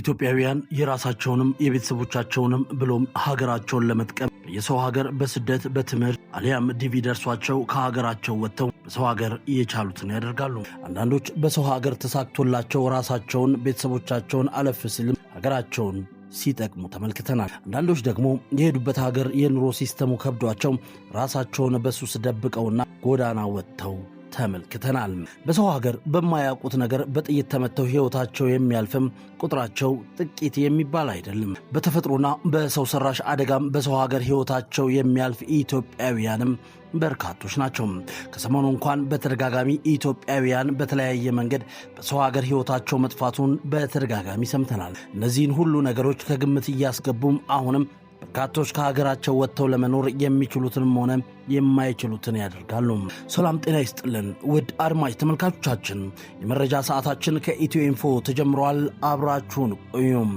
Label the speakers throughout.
Speaker 1: ኢትዮጵያውያን የራሳቸውንም የቤተሰቦቻቸውንም ብሎም ሀገራቸውን ለመጥቀም የሰው ሀገር በስደት በትምህርት አሊያም ዲቪ ደርሷቸው ከሀገራቸው ወጥተው በሰው ሀገር እየቻሉትን ያደርጋሉ። አንዳንዶች በሰው ሀገር ተሳክቶላቸው ራሳቸውን፣ ቤተሰቦቻቸውን አለፍ ሲልም ሀገራቸውን ሲጠቅሙ ተመልክተናል። አንዳንዶች ደግሞ የሄዱበት ሀገር የኑሮ ሲስተሙ ከብዷቸው ራሳቸውን በሱስ ደብቀውና ጎዳና ወጥተው ተመልክተናል። በሰው ሀገር በማያውቁት ነገር በጥይት ተመተው ሕይወታቸው የሚያልፍም ቁጥራቸው ጥቂት የሚባል አይደለም። በተፈጥሮና በሰው ሰራሽ አደጋም በሰው ሀገር ሕይወታቸው የሚያልፍ ኢትዮጵያውያንም በርካቶች ናቸው። ከሰሞኑ እንኳን በተደጋጋሚ ኢትዮጵያውያን በተለያየ መንገድ በሰው ሀገር ሕይወታቸው መጥፋቱን በተደጋጋሚ ሰምተናል። እነዚህን ሁሉ ነገሮች ከግምት እያስገቡም አሁንም በርካቶች ከሀገራቸው ወጥተው ለመኖር የሚችሉትንም ሆነ የማይችሉትን ያደርጋሉ። ሰላም ጤና ይስጥልን ውድ አድማጭ ተመልካቾቻችን፣ የመረጃ ሰዓታችን ከኢትዮ ኢንፎ ተጀምረዋል። አብራችሁን ቆዩም።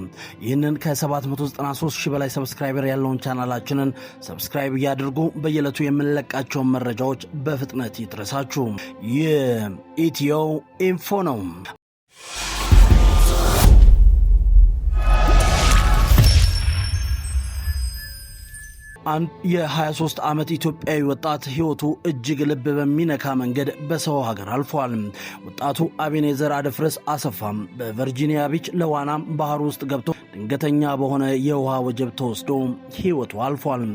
Speaker 1: ይህንን ከ793 ሺህ በላይ ሰብስክራይበር ያለውን ቻናላችንን ሰብስክራይብ እያድርጉ በየዕለቱ የምንለቃቸውን መረጃዎች በፍጥነት ይድረሳችሁ። ይህ ኢትዮ ኢንፎ ነው። አንድ የ23 ዓመት ኢትዮጵያዊ ወጣት ሕይወቱ እጅግ ልብ በሚነካ መንገድ በሰው ሀገር አልፏል። ወጣቱ አቤኔዘር አደፍረስ አሰፋም በቨርጂኒያ ቢች ለዋና ባህር ውስጥ ገብቶ ድንገተኛ በሆነ የውሃ ወጀብ ተወስዶ ሕይወቱ አልፏል።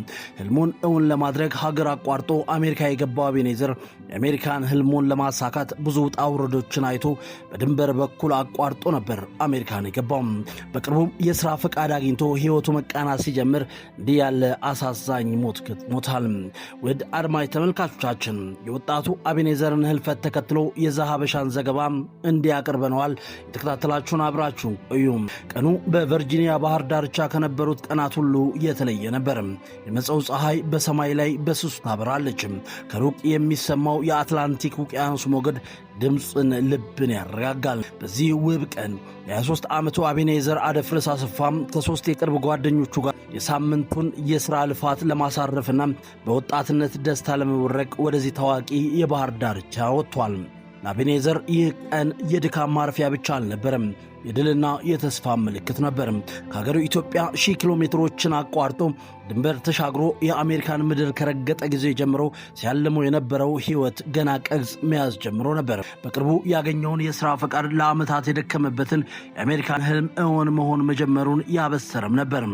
Speaker 1: ህልሙን እውን ለማድረግ ሀገር አቋርጦ አሜሪካ የገባው አቤኔዘር የአሜሪካን ህልሙን ለማሳካት ብዙ ውጣ ውረዶችን አይቶ በድንበር በኩል አቋርጦ ነበር አሜሪካን የገባው። በቅርቡም የሥራ ፈቃድ አግኝቶ ሕይወቱ መቃና ሲጀምር እንዲህ ያለ አሳስ አሳዛኝ ሞት ውድ አድማጭ ተመልካቾቻችን የወጣቱ አቤኔዘርን ህልፈት ተከትሎ የዛሀበሻን ዘገባ እንዲያቀርበነዋል የተከታተላችሁን አብራችሁ ቆዩ። ቀኑ በቨርጂኒያ ባህር ዳርቻ ከነበሩት ቀናት ሁሉ የተለየ ነበር። የመፀው ፀሐይ በሰማይ ላይ በስሱ ታበራለች። ከሩቅ የሚሰማው የአትላንቲክ ውቅያኖስ ሞገድ ድምፅን ልብን ያረጋጋል። በዚህ ውብ ቀን የ23 ዓመቱ አቤኔዘር አደፍርስ አስፋም ከሦስት የቅርብ ጓደኞቹ ጋር የሳምንቱን የሥራ ልፋት ለማሳረፍና በወጣትነት ደስታ ለመውረቅ ወደዚህ ታዋቂ የባህር ዳርቻ ወጥቷል። ለአቤኔዘር ይህ ቀን የድካም ማረፊያ ብቻ አልነበረም፣ የድልና የተስፋ ምልክት ነበር። ከሀገሩ ኢትዮጵያ ሺህ ኪሎ ሜትሮችን አቋርጦ ድንበር ተሻግሮ የአሜሪካን ምድር ከረገጠ ጊዜ ጀምሮ ሲያልመው የነበረው ሕይወት ገና ቅርጽ መያዝ ጀምሮ ነበር። በቅርቡ ያገኘውን የሥራ ፈቃድ ለዓመታት የደከመበትን የአሜሪካን ህልም እውን መሆን መጀመሩን ያበሰረም ነበር።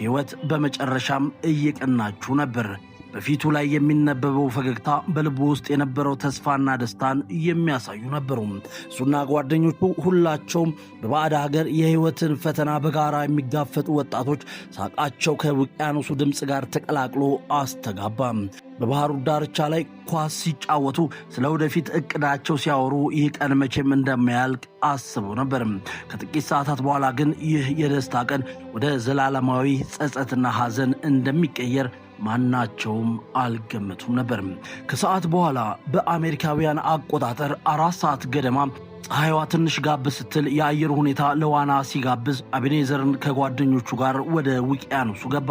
Speaker 1: ሕይወት በመጨረሻም እየቀናችሁ ነበር። በፊቱ ላይ የሚነበበው ፈገግታ በልቡ ውስጥ የነበረው ተስፋና ደስታን የሚያሳዩ ነበሩ። እሱና ጓደኞቹ ሁላቸውም በባዕድ ሀገር የህይወትን ፈተና በጋራ የሚጋፈጡ ወጣቶች ሳቃቸው ከውቅያኖሱ ድምፅ ጋር ተቀላቅሎ አስተጋባ። በባህሩ ዳርቻ ላይ ኳስ ሲጫወቱ ስለ ወደፊት እቅዳቸው ሲያወሩ ይህ ቀን መቼም እንደማያልቅ አስበው ነበር። ከጥቂት ሰዓታት በኋላ ግን ይህ የደስታ ቀን ወደ ዘላለማዊ ጸጸትና ሐዘን እንደሚቀየር ማናቸውም አልገመቱም ነበር። ከሰዓት በኋላ በአሜሪካውያን አቆጣጠር አራት ሰዓት ገደማ ፀሐይዋ ትንሽ ጋብ ስትል የአየር ሁኔታ ለዋና ሲጋብዝ አቤኔዘርን ከጓደኞቹ ጋር ወደ ውቅያኖሱ ገባ።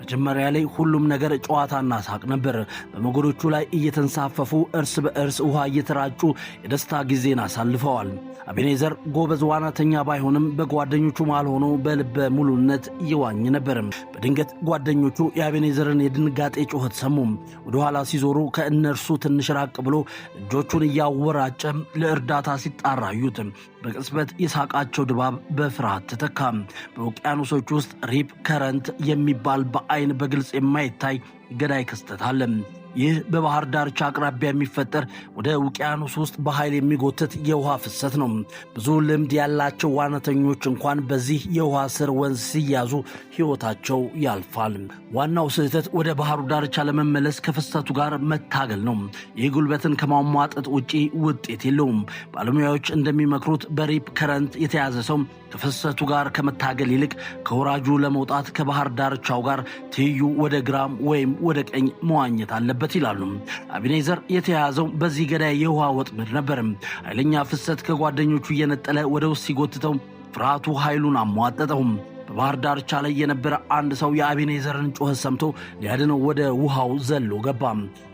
Speaker 1: መጀመሪያ ላይ ሁሉም ነገር ጨዋታና ሳቅ ነበር። በሞገዶቹ ላይ እየተንሳፈፉ እርስ በእርስ ውሃ እየተራጩ የደስታ ጊዜን አሳልፈዋል። አቤኔዘር ጎበዝ ዋናተኛ ባይሆንም በጓደኞቹ መሃል ሆኖ በልበ ሙሉነት እየዋኝ ነበር። በድንገት ጓደኞቹ የአቤኔዘርን የድንጋጤ ጩኸት ሰሙ። ወደኋላ ሲዞሩ ከእነርሱ ትንሽ ራቅ ብሎ እጆቹን እያወራጨ ለእርዳታ ሲ ሲጣራ አዩት። በቅጽበት የሳቃቸው ድባብ በፍርሃት ተተካ። በውቅያኖሶች ውስጥ ሪፕ ከረንት የሚባል በአይን በግልጽ የማይታይ ገዳይ ክስተት አለ። ይህ በባህር ዳርቻ አቅራቢያ የሚፈጠር ወደ ውቅያኖስ ውስጥ በኃይል የሚጎትት የውሃ ፍሰት ነው። ብዙ ልምድ ያላቸው ዋናተኞች እንኳን በዚህ የውሃ ስር ወንዝ ሲያዙ ሕይወታቸው ያልፋል። ዋናው ስህተት ወደ ባህሩ ዳርቻ ለመመለስ ከፍሰቱ ጋር መታገል ነው። ይህ ጉልበትን ከማሟጠጥ ውጪ ውጤት የለውም። ባለሙያዎች እንደሚመክሩት በሪፕ ከረንት የተያዘ ሰው ከፍሰቱ ጋር ከመታገል ይልቅ ከወራጁ ለመውጣት ከባህር ዳርቻው ጋር ትይዩ ወደ ግራም ወይም ወደ ቀኝ መዋኘት አለበት ይላሉ። አቢኔዘር የተያያዘው በዚህ ገዳይ የውሃ ወጥመድ ነበርም። ኃይለኛ ፍሰት ከጓደኞቹ እየነጠለ ወደ ውስጥ ሲጎትተው ፍርሃቱ ኃይሉን አሟጠጠውም። በባህር ዳርቻ ላይ የነበረ አንድ ሰው የአቤኔዘርን ጩኸት ሰምቶ ሊያድነው ወደ ውሃው ዘሎ ገባ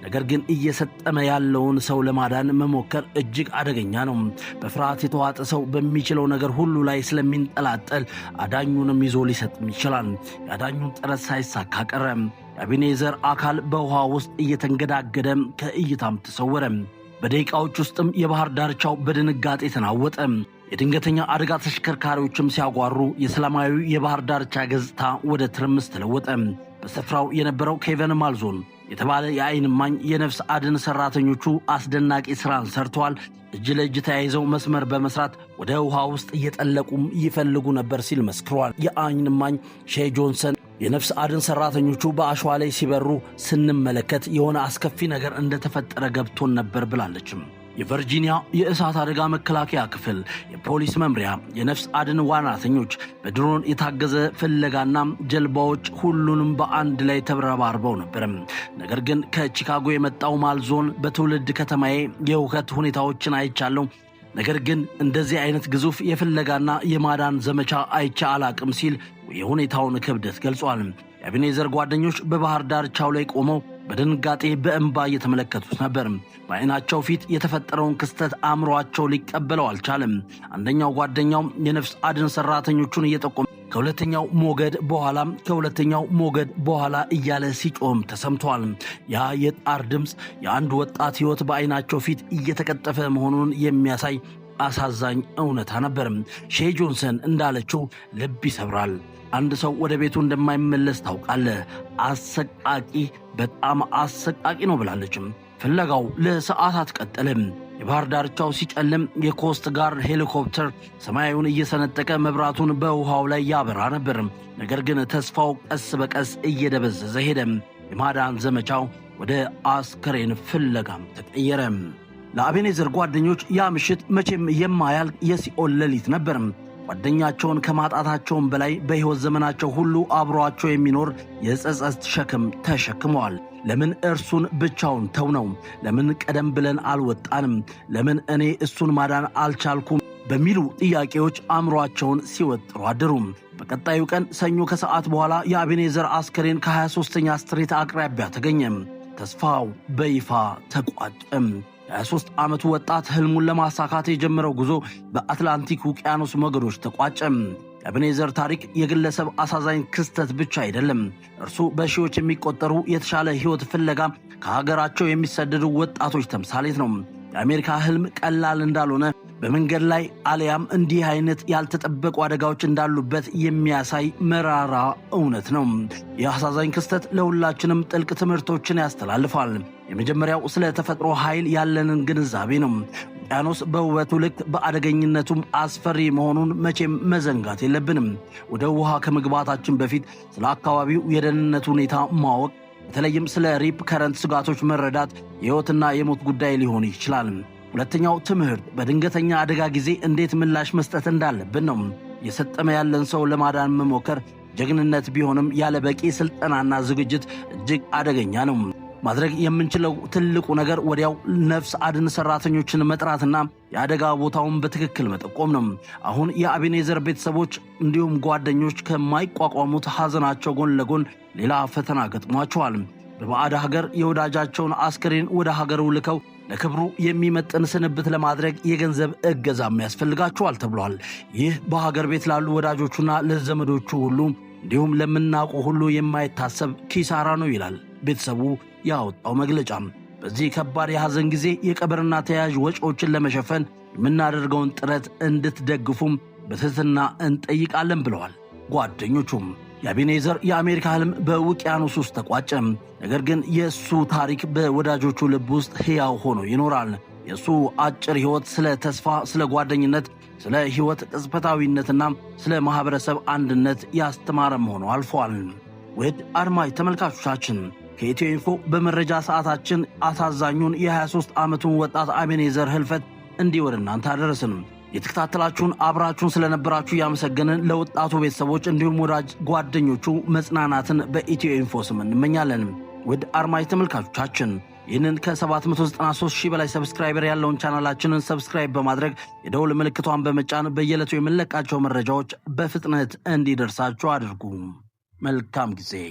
Speaker 1: ነገር ግን እየሰጠመ ያለውን ሰው ለማዳን መሞከር እጅግ አደገኛ ነው። በፍርሃት የተዋጠ ሰው በሚችለው ነገር ሁሉ ላይ ስለሚንጠላጠል አዳኙንም ይዞ ሊሰጥም ይችላል። የአዳኙን ጥረት ሳይሳካ ቀረ። የአቤኔዘር አካል በውሃ ውስጥ እየተንገዳገደ ከእይታም ተሰወረ። በደቂቃዎች ውስጥም የባህር ዳርቻው በድንጋጤ ተናወጠ። የድንገተኛ አደጋ ተሽከርካሪዎችም ሲያጓሩ የሰላማዊ የባህር ዳርቻ ገጽታ ወደ ትርምስ ተለወጠ። በስፍራው የነበረው ኬቨን ማልዞን የተባለ የአይን ማኝ የነፍስ አድን ሰራተኞቹ አስደናቂ ሥራን ሰርተዋል። እጅ ለእጅ ተያይዘው መስመር በመስራት ወደ ውሃ ውስጥ እየጠለቁም ይፈልጉ ነበር ሲል መስክሯል። የአይንማኝ እማኝ ሼ ጆንሰን የነፍስ አድን ሰራተኞቹ በአሸዋ ላይ ሲበሩ ስንመለከት የሆነ አስከፊ ነገር እንደተፈጠረ ገብቶን ነበር ብላለችም። የቨርጂኒያ የእሳት አደጋ መከላከያ ክፍል፣ የፖሊስ መምሪያ፣ የነፍስ አድን ዋናተኞች በድሮን የታገዘ ፍለጋና ጀልባዎች ሁሉንም በአንድ ላይ ተረባርበው ነበር። ነገር ግን ከቺካጎ የመጣው ማልዞን በትውልድ ከተማዬ የውከት ሁኔታዎችን አይቻለው ነገር ግን እንደዚህ አይነት ግዙፍ የፍለጋና የማዳን ዘመቻ አይቼ አላቅም ሲል የሁኔታውን ክብደት ገልጿል። የአቤኔዘር ጓደኞች በባህር ዳርቻው ላይ ቆመው በድንጋጤ በእንባ እየተመለከቱት ነበር። በአይናቸው ፊት የተፈጠረውን ክስተት አእምሯቸው ሊቀበለው አልቻለም። አንደኛው ጓደኛው የነፍስ አድን ሰራተኞቹን እየጠቆመ ከሁለተኛው ሞገድ በኋላ ከሁለተኛው ሞገድ በኋላ እያለ ሲጮም ተሰምተዋል። ያ የጣር ድምፅ የአንድ ወጣት ሕይወት በአይናቸው ፊት እየተቀጠፈ መሆኑን የሚያሳይ አሳዛኝ እውነታ ነበር። ሼ ጆንሰን እንዳለችው ልብ ይሰብራል። አንድ ሰው ወደ ቤቱ እንደማይመለስ ታውቃለህ። አሰቃቂ፣ በጣም አሰቃቂ ነው ብላለችም። ፍለጋው ለሰዓታት ቀጠለም። የባህር ዳርቻው ሲጨልም የኮስት ጋርድ ሄሊኮፕተር ሰማያዊውን እየሰነጠቀ መብራቱን በውሃው ላይ ያበራ ነበር። ነገር ግን ተስፋው ቀስ በቀስ እየደበዘዘ ሄደም የማዳን ዘመቻው ወደ አስከሬን ፍለጋም ተቀየረ። ለአቤኔዘር ጓደኞች ያ ምሽት መቼም የማያልቅ የሲኦል ሌሊት ነበር። ጓደኛቸውን ከማጣታቸውም በላይ በሕይወት ዘመናቸው ሁሉ አብሯቸው የሚኖር የጸጸት ሸክም ተሸክመዋል። ለምን እርሱን ብቻውን ተው ነው? ለምን ቀደም ብለን አልወጣንም? ለምን እኔ እሱን ማዳን አልቻልኩም? በሚሉ ጥያቄዎች አእምሯቸውን ሲወጥሩ አደሩ። በቀጣዩ ቀን ሰኞ ከሰዓት በኋላ የአቤኔዘር አስከሬን ከ23ኛ ስትሬት አቅራቢያ ተገኘም ተስፋው በይፋ ተቋጨም። የሶስት ዓመቱ ወጣት ህልሙን ለማሳካት የጀመረው ጉዞ በአትላንቲክ ውቅያኖስ ሞገዶች ተቋጨ። የእብኔዘር ታሪክ የግለሰብ አሳዛኝ ክስተት ብቻ አይደለም። እርሱ በሺዎች የሚቆጠሩ የተሻለ ህይወት ፍለጋ ከሀገራቸው የሚሰደዱ ወጣቶች ተምሳሌት ነው። የአሜሪካ ህልም ቀላል እንዳልሆነ በመንገድ ላይ አሊያም እንዲህ አይነት ያልተጠበቁ አደጋዎች እንዳሉበት የሚያሳይ መራራ እውነት ነው። የአሳዛኝ ክስተት ለሁላችንም ጥልቅ ትምህርቶችን ያስተላልፋል። የመጀመሪያው ስለ ተፈጥሮ ኃይል ያለንን ግንዛቤ ነው። ውቅያኖስ በውበቱ ልክ በአደገኝነቱም አስፈሪ መሆኑን መቼም መዘንጋት የለብንም። ወደ ውሃ ከመግባታችን በፊት ስለ አካባቢው የደህንነት ሁኔታ ማወቅ በተለይም ስለ ሪፕ ከረንት ስጋቶች መረዳት የሕይወትና የሞት ጉዳይ ሊሆን ይችላል። ሁለተኛው ትምህርት በድንገተኛ አደጋ ጊዜ እንዴት ምላሽ መስጠት እንዳለብን ነው። የሰጠመ ያለን ሰው ለማዳን መሞከር ጀግንነት ቢሆንም ያለ በቂ ሥልጠናና ዝግጅት እጅግ አደገኛ ነው። ማድረግ የምንችለው ትልቁ ነገር ወዲያው ነፍስ አድን ሰራተኞችን መጥራትና የአደጋ ቦታውን በትክክል መጠቆም ነው። አሁን የአቤኔዘር ቤተሰቦች እንዲሁም ጓደኞች ከማይቋቋሙት ሐዘናቸው ጎን ለጎን ሌላ ፈተና ገጥሟቸዋል። በባዕድ ሀገር የወዳጃቸውን አስክሬን ወደ ሀገሩ ልከው ለክብሩ የሚመጥን ስንብት ለማድረግ የገንዘብ እገዛም ያስፈልጋቸዋል ተብሏል። ይህ በሀገር ቤት ላሉ ወዳጆቹና ለዘመዶቹ ሁሉ እንዲሁም ለምናውቀው ሁሉ የማይታሰብ ኪሳራ ነው ይላል ቤተሰቡ ያወጣው መግለጫም በዚህ ከባድ የሐዘን ጊዜ የቀብርና ተያያዥ ወጪዎችን ለመሸፈን የምናደርገውን ጥረት እንድትደግፉም በትህትና እንጠይቃለን ብለዋል። ጓደኞቹም የአቤኔዘር የአሜሪካ ህልም በውቅያኖስ ውስጥ ተቋጨ። ነገር ግን የእሱ ታሪክ በወዳጆቹ ልብ ውስጥ ሕያው ሆኖ ይኖራል። የእሱ አጭር ሕይወት ስለ ተስፋ፣ ስለ ጓደኝነት፣ ስለ ሕይወት ቅጽበታዊነትና ስለ ማኅበረሰብ አንድነት ያስተማረ መሆኑ አልፏል። ውድ አድማጭ ተመልካቾቻችን ከኢትዮ ኢንፎ በመረጃ ሰዓታችን አሳዛኙን የ23 ዓመቱን ወጣት አቤኔዘር ህልፈት እንዲህ ወደ እናንተ አደረስንም። የተከታተላችሁን አብራችሁን ስለነበራችሁ እያመሰገንን ለወጣቱ ቤተሰቦች እንዲሁም ወዳጅ ጓደኞቹ መጽናናትን በኢትዮ ኢንፎ ስም እንመኛለን። ውድ አርማጅ ተመልካቾቻችን ይህንን ከ793 ሺህ በላይ ሰብስክራይበር ያለውን ቻናላችንን ሰብስክራይብ በማድረግ የደውል ምልክቷን በመጫን በየዕለቱ የምንለቃቸው መረጃዎች በፍጥነት እንዲደርሳችሁ አድርጉ። መልካም ጊዜ